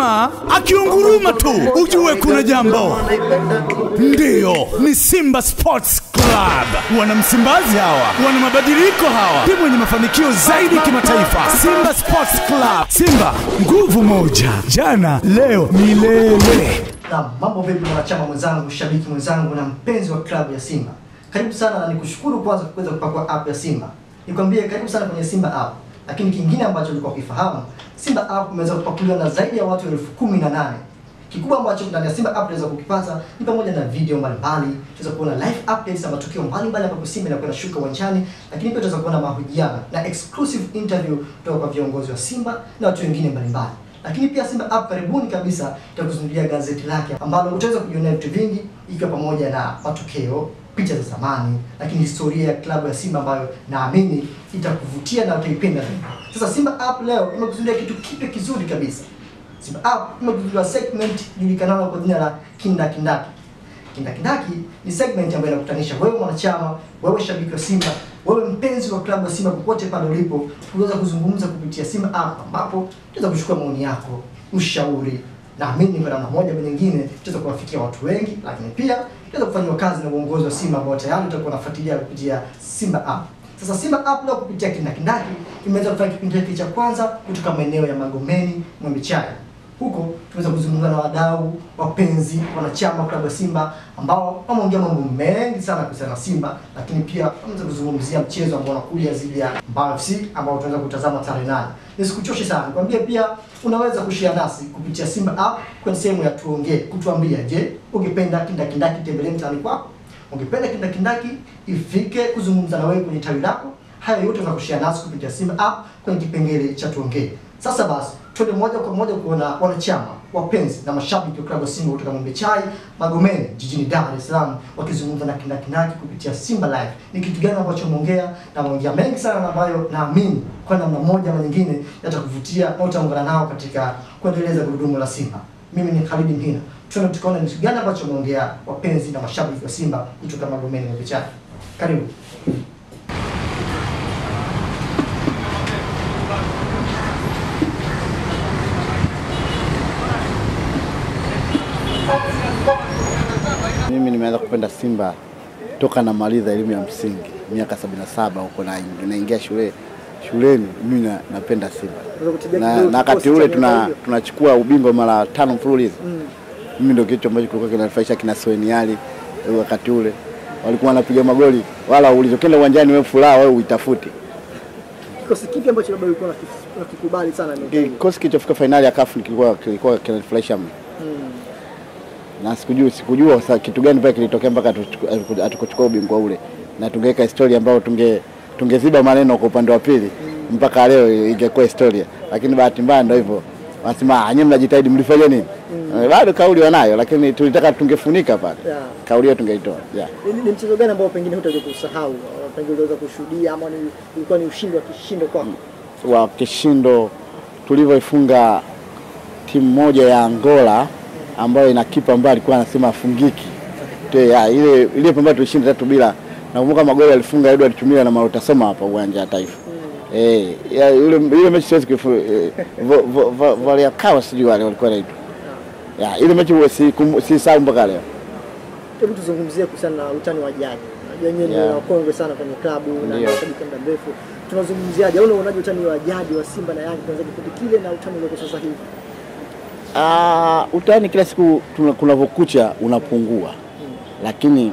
mzima akiunguruma tu ujue kuna jambo. Ndiyo, ni Simba Sports Club. Wana Msimbazi hawa, wana mabadiliko hawa, timu yenye mafanikio zaidi kimataifa. Simba Sports Club, Simba nguvu moja, jana leo milele. Na mambo vipi, mwanachama mwenzangu, shabiki mwenzangu na mpenzi wa klabu ya Simba, karibu sana na nikushukuru kwanza kuweza kupakua app ya Simba. Nikwambie karibu sana kwenye Simba app lakini kingine ambacho ulikuwa ukifahamu, Simba App imeweza kupakuliwa na zaidi ya watu elfu kumi na nane. Kikubwa ambacho ndani ya Simba App unaweza kukipata ni pamoja na video mbalimbali, tunaweza kuona live updates za matukio mbalimbali ambapo Simba inakwenda shuka uwanjani, lakini pia tunaweza kuona mahojiano na exclusive interview kutoka kwa viongozi wa Simba na watu wengine mbalimbali. Lakini pia Simba App karibuni kabisa itakuzindulia gazeti lake ambalo utaweza kujionea vitu vingi, ikiwa pamoja na matokeo picha za zamani, lakini historia ya klabu ya Simba ambayo naamini itakuvutia na utaipenda zaidi. Sasa Simba App leo imekuzindulia kitu kipya kizuri kabisa. Simba App imekuzindulia segment julikanalo kwa jina la kindakindaki. Kindakindaki ni segment ambayo inakutanisha wewe mwanachama, wewe shabiki wa Simba, wewe mpenzi wa klabu ya Simba, popote pale ulipo, kuweza kuzungumza kupitia Simba App, ambapo tunaweza kuchukua maoni yako, ushauri naamini kwa namna moja au nyingine tutaweza kuwafikia watu wengi, lakini pia tutaweza kufanyiwa kazi na uongozi wa Simba ambao tayari tutakuwa nafuatilia kupitia Simba app. Sasa Simba app leo kupitia kindakindaki imeweza kufanya kipindi hiki cha kwanza kutoka maeneo ya Magomeni, Mwembichai. Huko tumeweza kuzungumza na wadau, wapenzi, wanachama klabu ya Simba ambao wameongea mambo mengi sana kuhusiana na Simba, lakini pia wameweza kuzungumzia mchezo ambao unakuja dhidi ya Mbao FC ambao tunaweza kutazama tarehe nane. Nisikuchoshe sana, nikwambie pia unaweza kushia nasi kupitia Simba app kwenye sehemu ya tuongee, kutuambia, je, ungependa kindakindaki tembelee mtaani kwako? Ungependa kindakindaki ifike kuzungumza na wewe kwenye tawi lako? Haya yote unakushia nasi kupitia Simba app kwenye kipengele cha tuongee. Sasa basi, twende moja kwa moja kuona wanachama wapenzi na mashabiki wa klabu ya Simba kutoka Mwembe Chai Magomeni jijini Dar es Salaam wakizungumza na kinakinaki kupitia Simba Live. Ni kitu gani ambacho umeongea na maongea mengi sana ambayo naamini kwa namna moja ama nyingine yatakuvutia na utaungana nao katika kuendeleza gurudumu la Simba. Mimi ni Khalid Mhina, tuende tukaona ni kitu gani ambacho umeongea wapenzi na mashabiki wa Simba kutoka Magomeni Mwembe Chai. Karibu. Mimi nimeanza kupenda Simba toka namaliza elimu ya msingi miaka 77 huko na naingia shule shuleni, mimi na, napenda Simba na, wakati ule tuna, tunachukua ubingwa mara tano mfululizo mm. Mimi ndio kitu ambacho kilikuwa kinanifurahisha kina Soeniali wakati ule walikuwa wanapiga magoli, wala kenda uwanjani wewe furaha wewe uitafute. Kikosi kipi ambacho labda ulikuwa unakikubali sana? Kikosi kilichofika fainali ya CAF kilikuwa kilikuwa kinanifurahisha mimi na sikujua sikujua kitu gani pale kilitokea mpaka atukuchukua ubingwa ule, na tungeweka historia ambayo tunge tungeziba maneno kwa upande wa pili mpaka leo ingekuwa historia, lakini bahati mbaya ndio hivyo. Wanasema nyinyi mnajitahidi, mlifanya nini? Mm. Bado kauli wanayo, lakini tulitaka tungefunika pale. Yeah. Kauli hiyo tungeitoa. Yeah. Ni, ni mchezo gani ambao pengine hutaje kusahau? Pengine uliweza kushuhudia ama ilikuwa ni ushindi wa kishindo kwako? Mm. Wa kishindo tulivyoifunga timu moja ya Angola ambayo ina kipa ambaye alikuwa anasema afungiki ile ile pambano tulishinda tatu bila. Nakumbuka magoli alifunga Edward Chumila na Marota Soma hapa uwanja wa Taifa. Eh, ya ile ile mechi siwezi kufu wale eh, akawa ya sijui wale walikuwa naitwa. Ya ile mechi si si sawa mpaka leo. Hebu tuzungumzie kuhusiana na utani wa Jaji. Najua nyenye yeah. ni wakongwe sana kwenye klabu na mashabiki muda mrefu. Tunazungumziaje? Au unaonaje utani wa Jaji wa Simba na Yanga kwanza kipindi kile na utani uliokuwa sasa hivi? Uh, ah, utani yaani kila siku kunavyokucha unapungua lakini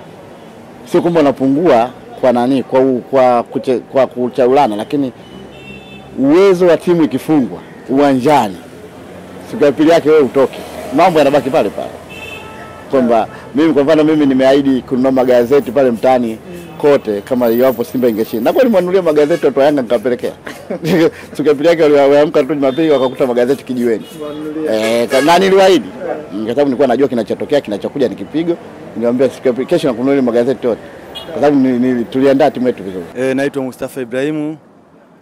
sio kwamba unapungua kwa nani kwa, u, kwa, kuche, kwa kuchaulana, lakini uwezo wa timu ikifungwa uwanjani siku ya pili yake wewe utoke, mambo yanabaki pale pale, kwamba mimi kwa mfano mimi nimeahidi kununua magazeti pale mtaani mm kote kama iwapo Simba ingeshinda. Na kwa nini mwanulia magazeti watu Yanga nikapelekea. Tukapili yake waliamka tu Jumapili wakakuta magazeti kijiweni. Eh, na niliwaahidi mm, kwa sababu nilikuwa najua kinachotokea kinachokuja nikipigo. Nilimwambia kesho nakununulia magazeti yote. Kwa sababu tuliandaa timu yetu vizuri. Eh, naitwa Mustafa Ibrahimu.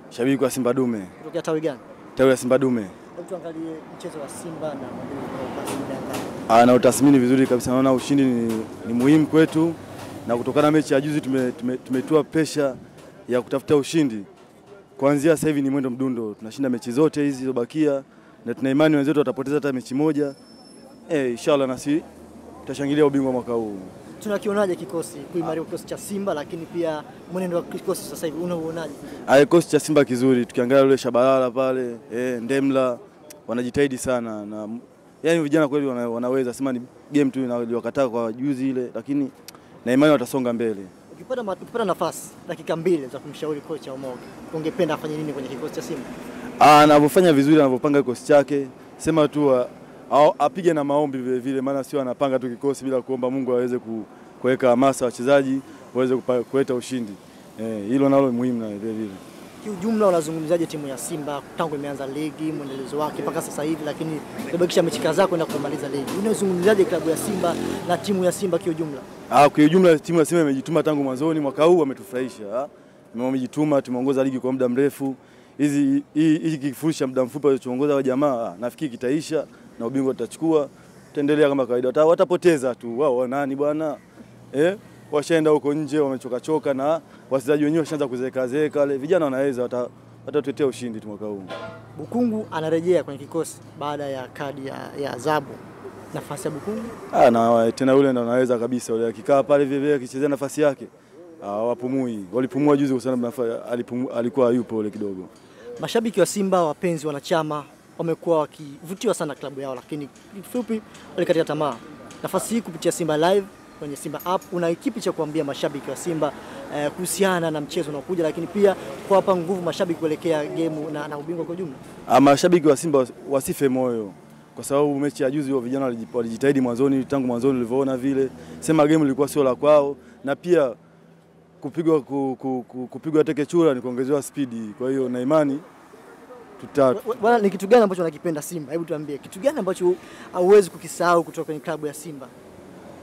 Shabiki wa Simba Dume. Kutoka tawi gani? Tawi la Simba Dume. Tuangalie mchezo wa Simba na Madume. Ah, na utathmini vizuri kabisa naona ushindi ni, ni muhimu kwetu na kutokana na mechi ya juzi tume, tume, tumetua pesha ya kutafuta ushindi. Kuanzia sasa hivi ni mwendo mdundo, tunashinda mechi zote hizi zilizobakia, na tuna imani wenzetu watapoteza hata mechi moja. E, inshallah nasi tutashangilia ubingwa mwaka huu. Tunakionaje kikosi kuimaria kikosi cha Simba, lakini pia mwenendo wa kikosi sasa hivi Ah, Kikosi cha Simba kizuri, tukiangalia yule Shabalala pale e, Ndemla wanajitahidi sana na yani vijana kweli wanaweza, sema ni game tu iliwakataa kwa juzi ile, lakini na imani watasonga mbele. Ukipata, ukipata nafasi dakika mbili za kumshauri kocha Omoga, ungependa afanye nini kwenye kikosi cha Simba? Ah, anavyofanya vizuri, anavyopanga kikosi chake, sema tu apige na maombi vile vile, maana sio anapanga tu kikosi bila kuomba Mungu aweze kuweka hamasa wachezaji waweze kuleta ushindi. Eh, hilo nalo nalo muhimu na vile vile. Kiujumla unazungumziaje timu ya Simba tangu imeanza ligi, mwendelezo wake mpaka sasa hivi, lakini tabakisha mechi kadhaa kwenda kumaliza ligi. Unazungumziaje klabu ya Simba na timu ya Simba kiujumla? Ah, kiujumla timu ya Simba imejituma tangu mwanzoni, mwaka huu wametufurahisha, ah, wamejituma, tumeongoza ligi kwa muda mrefu. Hizi hii kifurushi cha muda mfupi alichoongoza wa jamaa ah, nafikiri kitaisha na ubingwa tutachukua, tutaendelea kama kawaida, watapoteza tu wao, nani bwana eh? washaenda huko nje wamechokachoka, na wachezaji wenyewe washaanza kuzeekazeeka. Vijana wanaweza watatuletea ushindi tu mwaka huu. Bukungu anarejea kwenye kikosi baada ya kadi ya, ya adhabu nafasi ya Bukungu. Ah, na tena yule ndo anaweza kabisa, yule akikaa pale vile vile akichezea nafasi yake hawapumui. Walipumua juzi kwa sababu alikuwa yupo yule kidogo. Mashabiki wa Simba, wapenzi, wanachama wamekuwa wakivutiwa sana klabu yao, lakini kifupi walikatika tamaa. Nafasi hii kupitia Simba Live kwenye Simba app, una kipi cha kuambia mashabiki wa Simba eh, kuhusiana na mchezo unaokuja, lakini pia kuwapa nguvu mashabiki kuelekea gemu na, na ubingwa kwa ujumla? Ah, mashabiki wa Simba wasife moyo kwa sababu mechi ya juzi vijana walijitahidi mwanzoni, tangu mwanzoni ulivyoona vile, sema game ilikuwa sio la kwao, na pia kupigwa ku, ku, ku, kupigwa teke chura ni kuongezewa spidi, kwa hiyo na imani tuta Bwana, ni kitu gani ambacho unakipenda Simba? Hebu tuambie kitu gani ambacho hauwezi kukisahau kutoka kwenye klabu ya Simba?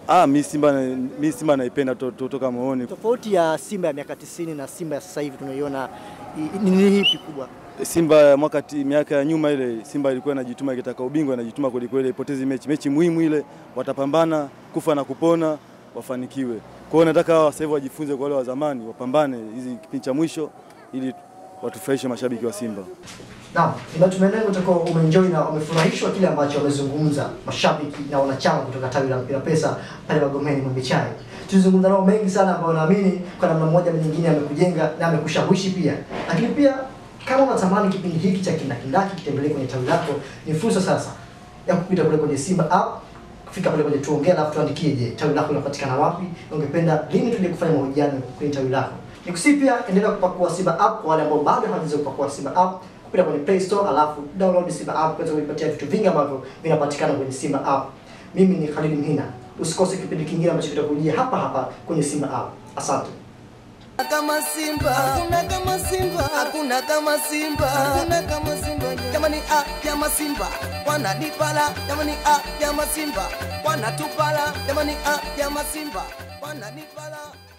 Ah, mi Simba mi Simba naipenda to, to, toka moyoni. Tofauti ya Simba ya miaka 90 na Simba ya sasa hivi tunaiona ni ipi kubwa? Simba ya mwaka miaka ya nyuma ile Simba ilikuwa inajituma ikitaka ubingwa inajituma kwelikweli, ipotezi mechi mechi muhimu ile, watapambana kufa na kupona wafanikiwe. Kwa hiyo nataka sasa hivi wajifunze kwa wale wa zamani, wapambane hizi kipindi cha mwisho ili watufurahishe mashabiki wa Simba. Naam, natumaini utakuwa umeenjoy na umefurahishwa kile ambacho wamezungumza mashabiki na wanachama kutoka tawi la mpira pesa pale Magomeni Mwembe Chai. Tulizungumza nao mengi sana ambayo naamini kwa namna moja au nyingine amekujenga na amekushawishi pia, lakini pia kama unatamani kipindi hiki cha kindakindaki kitembelee kwenye tawi lako, ni fursa sasa ya kupita kule kwenye Simba app fika pale kwenye tuongea, alafu tuandikie, je, tawi lako linapatikana wapi? Ungependa lini tuje kufanya mahojiano kwenye tawi lako? Nikusii pia endelea kupakua Simba app kwa wale ambao bado hawajaweza kupakua Simba app kupita kwenye Play Store, alafu download Simba app kwa sababu ipatia vitu vingi ambavyo vinapatikana kwenye Simba app. Mimi ni Khalid Mhina, usikose kipindi kingine ambacho kitakujia hapa hapa kwenye Simba app. Asante. Kama Simba, hakuna kama Simba, hakuna kama Simba, hakuna kama Simba. Jamani a ah, kama Simba, wananipala. Jamani ah, kama Simba, wana wanatupala. Jamani a ah, kama Simba, wana wananipala.